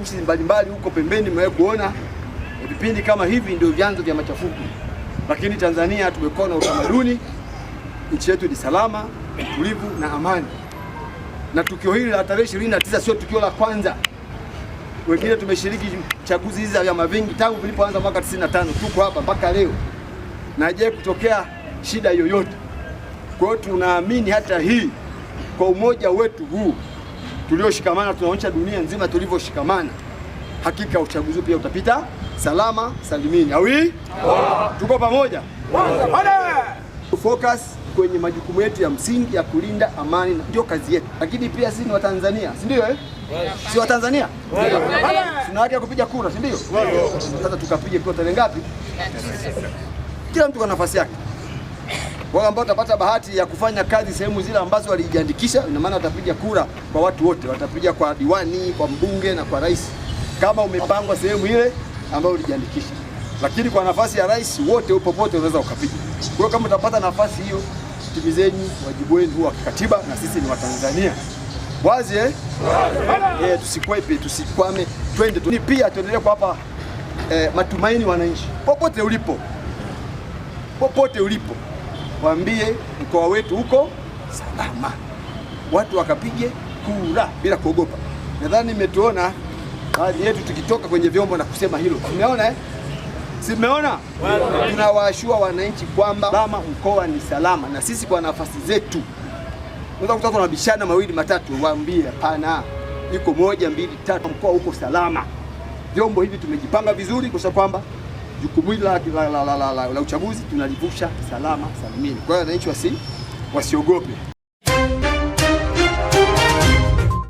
nchi mbalimbali huko pembeni, mmewahi kuona vipindi kama hivi, ndio vyanzo vya machafuko. Lakini Tanzania tumekuwa na utamaduni, nchi yetu ni salama, utulivu na amani, na tukio hili la tarehe 29 sio tukio la kwanza. Wengine tumeshiriki chaguzi hizi za vyama vingi tangu vilipoanza mwaka 95 tuko hapa mpaka leo, na je kutokea shida yoyote. Kwa hiyo tunaamini hata hii kwa umoja wetu huu tulioshikamana tunaonyesha dunia nzima tulivyoshikamana, hakika uchaguzi pia utapita salama salimini. Awi, tuko pamoja. Focus kwenye majukumu yetu ya msingi ya kulinda amani, ndio kazi yetu, lakini pia sisi ni Watanzania, si ndio eh? Si Watanzania tuna haki ya kupiga kura, si ndio? Sasa tukapige kura tarehe ngapi? Kila mtu kwa nafasi yake. Wao ambao watapata bahati ya kufanya kazi sehemu zile ambazo walijiandikisha, ina maana watapiga kura kwa watu wote, watapiga kwa diwani, kwa mbunge na kwa rais, kama umepangwa sehemu ile ambayo ulijiandikisha. Lakini kwa nafasi ya rais wote popote unaweza ukapiga. Kwa hiyo kama utapata nafasi hiyo, timizeni wajibu wenu wa kikatiba, na sisi ni Watanzania wazi eh? Eh, tusikwepe, tusikwame, twende tu. Pia tuendelee kuwapa eh, matumaini wananchi popote ulipo, popote ulipo waambie mkoa wetu huko salama, watu wakapige kura bila kuogopa. Nadhani mmetuona baadhi yetu tukitoka kwenye vyombo na kusema hilo, simeona eh? Simeona, tunawaashua wananchi kwamba kama mkoa ni salama, na sisi kwa nafasi zetu unaweza na bishana mawili matatu, waambie hapana, iko moja mbili tatu, mkoa uko salama. Vyombo hivi tumejipanga vizuri kwa kwamba jukumu la, la, la, la, la, la uchaguzi tunalivusha salama salimini. Kwa hiyo wananchi wasi wasiogope.